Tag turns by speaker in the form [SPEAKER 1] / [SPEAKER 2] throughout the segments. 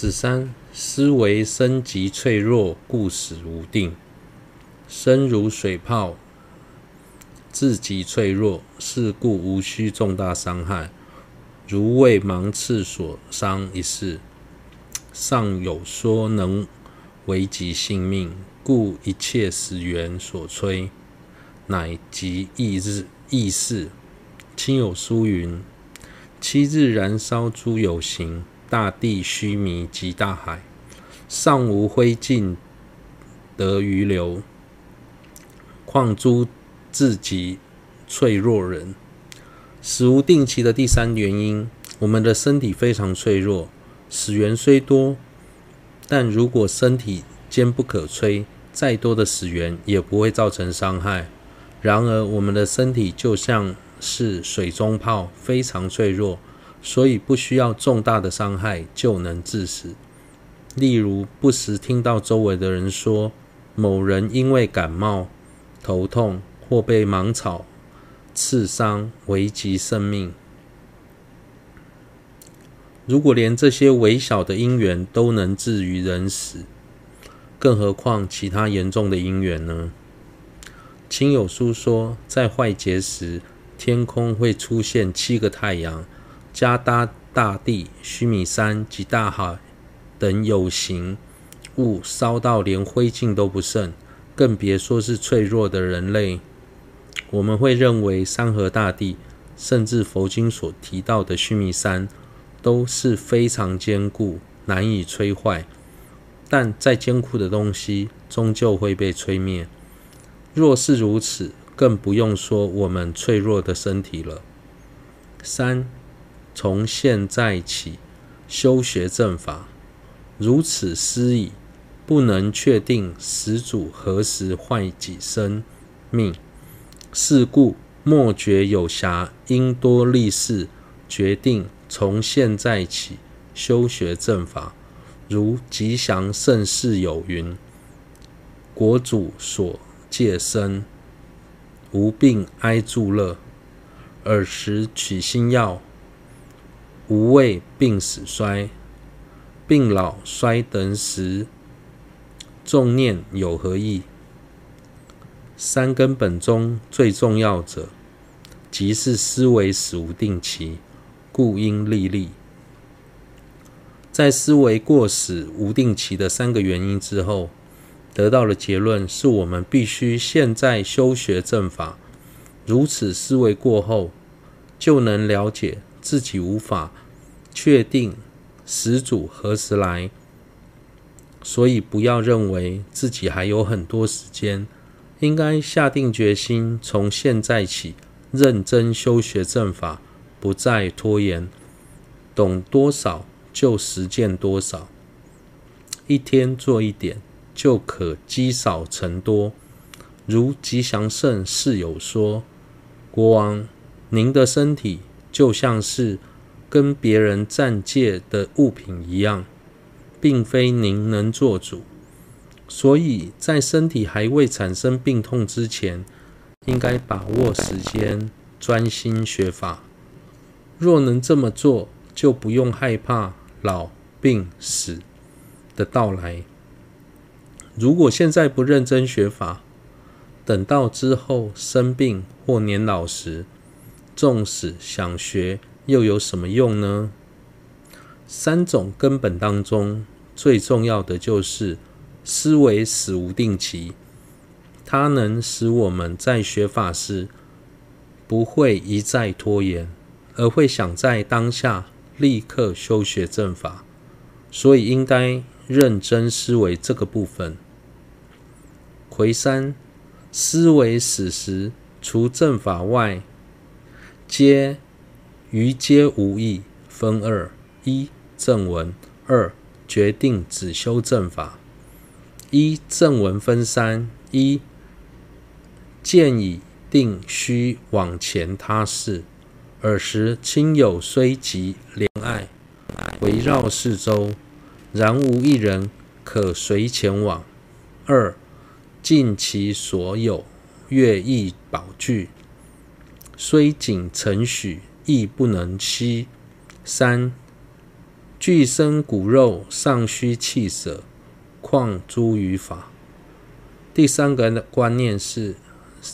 [SPEAKER 1] 子三思維身極脆弱，故死無定；身如水泡，自極脆弱，是故無需重大傷害。如為芒刺所傷一事，尚有說能危及性命，故一切死緣所摧，乃極易日易事。親友書云：七日燃燒諸有形。大地須彌及大海，尚無灰燼得餘留，況諸至極脆弱人。死無定期的第三原因，我們的身體非常脆弱，死緣雖多，但如果身體堅不可摧，再多的死緣也不會造成傷害。然而，我們的身體就像是水中泡，非常脆弱。所以不需要重大的傷害就能致死。例如，不時聽到周圍的人說，某人因為感冒、頭痛或被芒草刺傷，危及生命。如果連這些微小的因緣都能致於人死，更何況其他嚴重的因緣呢？親友書說，在壞劫時，天空會出現七個太陽。加達大地、須彌山及大海等有形物燒到連灰燼都不剩，更別說是脆弱的人類。我們會認為山河大地，甚至佛經所提到的須彌山都是非常堅固，難以摧毀。但再堅固的東西，終究會被摧滅。若是如此，更不用說我們脆弱的身體了。三。從現在起修學正法，如此思已，不能確定死主何時壞己生命，是故莫覺有暇，應多力事，決定從現在起修學正法。如吉祥勝逝友雲：“國主所借身，無病哀助樂，爾時取心要。”無畏病死衰，病老衰等時，重念有何益？三根本中最重要者，即是思維死無定期，故應勵力。在思維過死無定期的三個原因之後，得到了結論：是我們必須現在修學正法。如此思維過後，就能了解。自己無法確定死主何時來，所以不要認為自己還有很多時間，應該下定決心，從現在起認真修學正法，不再拖延。懂多少就實踐多少，一天做一點就可積少成多。如吉祥勝逝友說：“國王，您的身體。”就像是跟別人暫借的物品一樣，並非您能做主。所以，在身體還未產生病痛之前，應該把握時間，專心學法。若能這麼做，就不用害怕老、病、死的到來。如果現在不認真學法，等到之後生病或年老時，縱使想學，又有什麼用呢？三種根本當中，最重要的就是思維死無定期，它能使我們在學法時不會一再拖延，而會想在當下立刻修學正法。所以應該認真思維這個部分。癸三思維死時，除正法外。皆於皆無益，分二：一正文，二決定止修正法。一正文分三：一見已定須往前他世。爾時親友雖極憐愛，圍繞四周，然無一人可隨前往。二盡其所有，樂意寶聚。雖僅成許，亦不能欺。三具身骨肉尚需棄捨，況諸餘法？第三個的觀念是，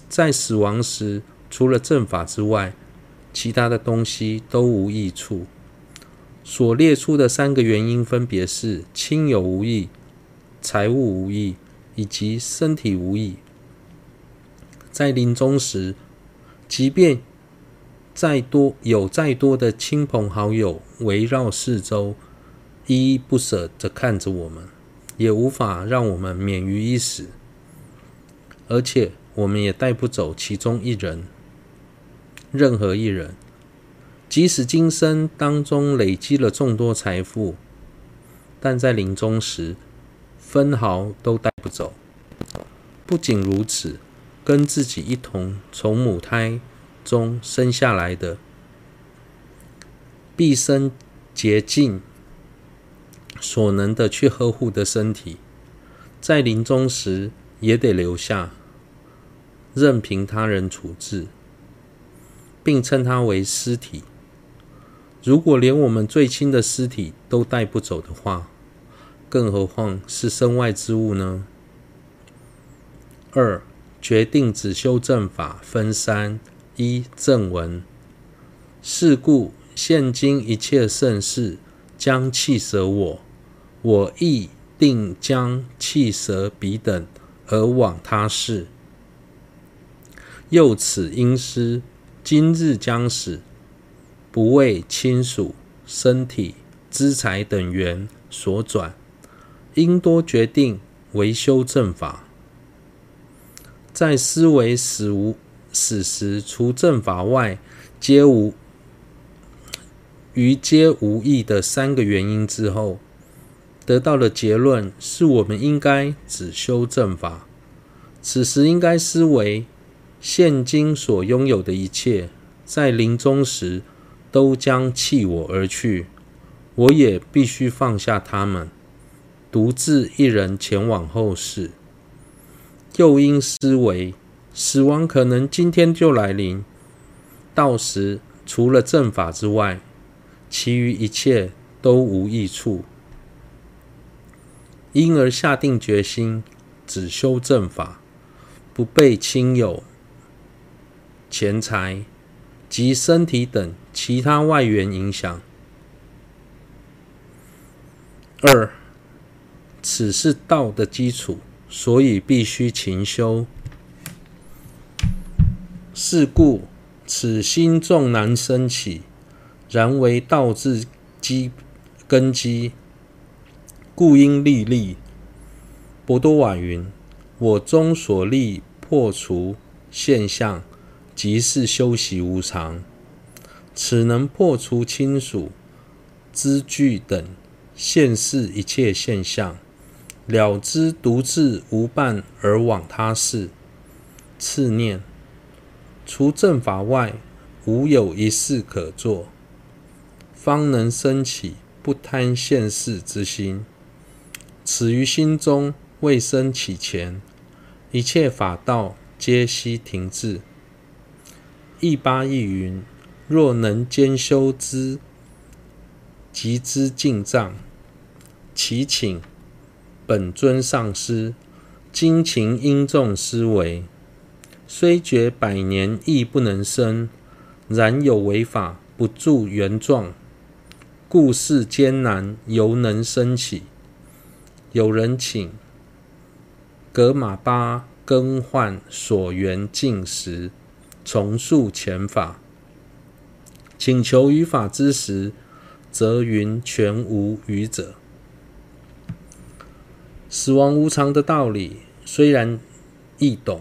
[SPEAKER 1] 在死亡時，除了正法之外，其他的東西都無益處。所列出的三個原因分別是：親友無益、財物無益，以及身體無益。在臨終時。即便再多有再多的親朋好友圍繞四周，依依不捨地看着我們，也無法讓我們免於一死。而且我們也帶不走其中一人，任何一人。即使今生當中累積了眾多財富，但在臨終時，分毫都帶不走。不僅如此。跟自己一同從母胎中生下來的，畢生竭盡所能的去呵護的身體，在臨終時也得留下，任憑他人處置，並稱它為屍體。如果連我們最親的屍體都帶不走的話，更何況是身外之物呢？二。決定只修正法分三一，正文。是故現今一切盛事將棄捨我，我亦定將棄捨彼等而往他世。又此因思今日將死，不為親屬、身體、資財等緣所轉，應多決定為修正法。在思維死無死時，除正法外，皆無於皆無益的三個原因之後，得到的結論是我們應該只修正法。此時應該思維：現今所擁有的一切，在臨終時都將棄我而去，我也必須放下他們，獨自一人前往後世。又因思維，死亡可能今天就來臨，到時除了正法之外，其餘一切都無益處，因而下定決心只修正法，不被親友、錢財及身體等其他外緣影響。二，此是道的基礎。所以必須勤修，是故此心縱難生起，然為道之基根基，故應勵力。博朵瓦云：我終所立破除現象，即是修習無常。此能破除親屬、資具等現世一切現象。了知獨自無伴而往他世，次念除正法外，無有一事可做，方能生起不貪現世之心。此於心中未生起前，一切法道皆悉停滯。一八易雲：若能兼修之，即之進障。其請。本尊上師，精勤應眾思維，雖覺百年亦不能生，然有為法不住原狀，故事艱難猶能生起。有人請格瑪巴更換所緣境時，重述前法。請求於法之時，則云全無餘者。死亡無常的道理雖然易懂，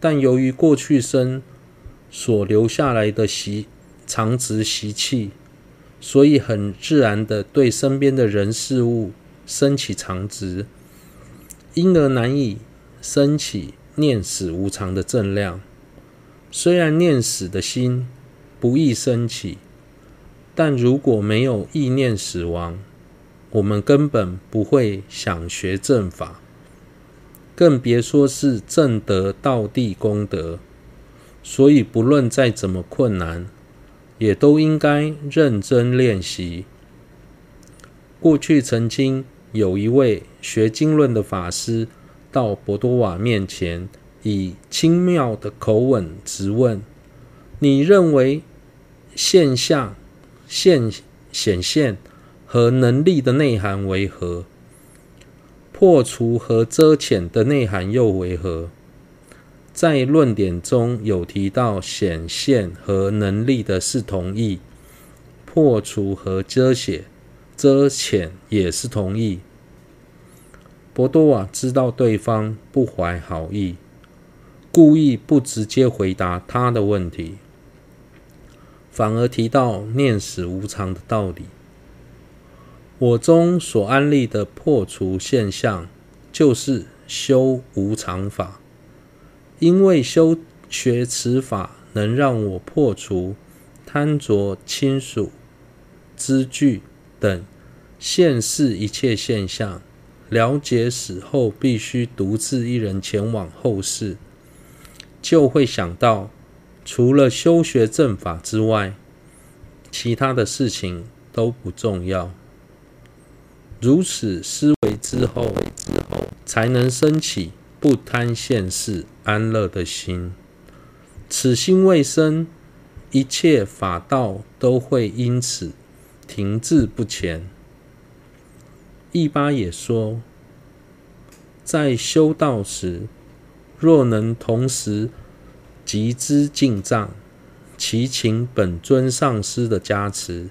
[SPEAKER 1] 但由於過去生所留下來的習常執習氣，所以很自然地對身邊的人事物升起常執，因而難以升起念死無常的正量。雖然念死的心不易升起，但如果沒有意念死亡，我們根本不會想學正法，更別說是正德、道地、功德。所以，不論再怎麼困難，也都應該認真練習。過去曾經有一位學經論的法師，到博多瓦面前，以輕蔑的口吻質問：“你認為現象現顯現？”和能力的內涵為何？破除和遮遣的內涵又為何？在論點中有提到顯現和能力的是同義，破除和遮顯遮遣也是同義。博多瓦知道對方不懷好意，故意不直接回答他的問題，反而提到念死無常的道理。我中所安立的破除現象，就是修無常法。因為修學此法，能讓我破除貪着親屬、資具等現世一切現象。了解死後必須獨自一人前往後世，就會想到，除了修學正法之外，其他的事情都不重要。如此思維之後，才能升起不貪現世安樂的心。此心未生，一切法道都會因此停滯不前。一巴也說，在修道時，若能同時集資淨障，祈請本尊上師的加持。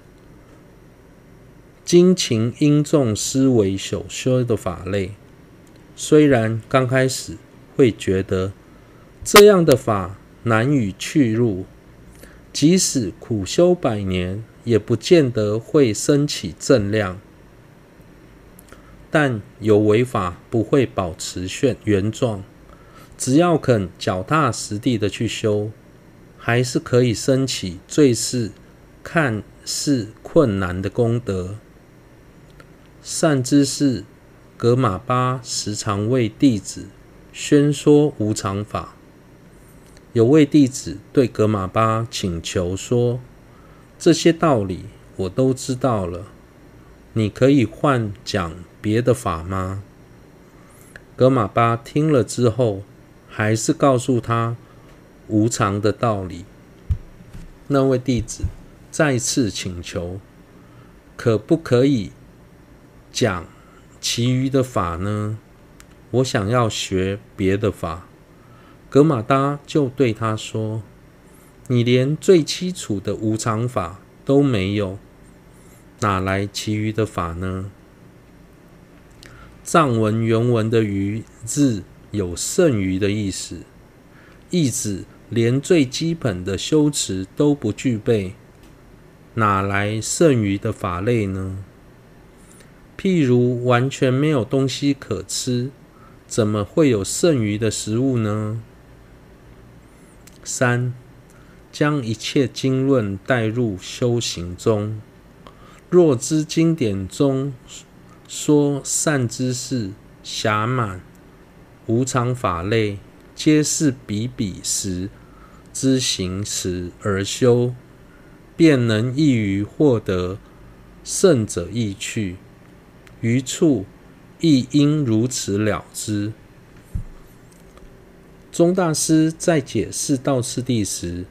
[SPEAKER 1] 精勤殷重思維所修的法類，雖然剛開始會覺得這樣的法難以去入，即使苦修百年，也不見得會升起正量。但有為法不會保持現原狀，只要肯腳踏實地的去修，還是可以升起最是看似困難的功德。善知識，格馬巴時常為弟子宣說無常法。有位弟子對格馬巴請求說：“這些道理我都知道了，你可以換講別的法嗎？”格馬巴聽了之後，還是告訴他無常的道理。那位弟子再次請求：“可不可以？”講其餘的法呢？我想要學別的法。格瑪達就對他說：“你連最基礎的無常法都沒有，哪來其餘的法呢？”藏文原文的“餘”字有剩餘的意思，意指連最基本的修持都不具備，哪來剩餘的法類呢？譬如完全沒有東西可吃，怎麼會有剩餘的食物呢？三，將一切經論帶入修行中。若知經典中說善知識暇滿、無常法類，皆是彼彼時之行時而修，便能易於獲得勝者意趣。餘處亦應如此了之。宗大師在解釋道次第時，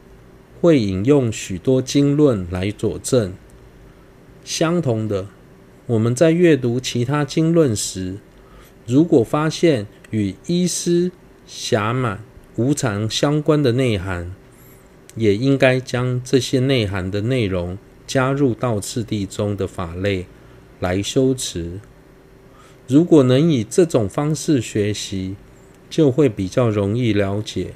[SPEAKER 1] 會引用許多經論來佐證。相同的，我們在閱讀其他經論時，如果發現與依師、暇滿、無常相關的內涵，也應該將這些內涵的內容加入道次第中的法類來修持，如果能以這種方式學習，就會比較容易了解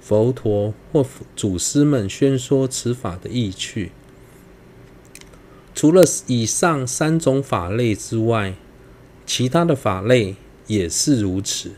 [SPEAKER 1] 佛陀或祖師們宣說此法的意趣。除了以上三種法類之外，其他的法類也是如此。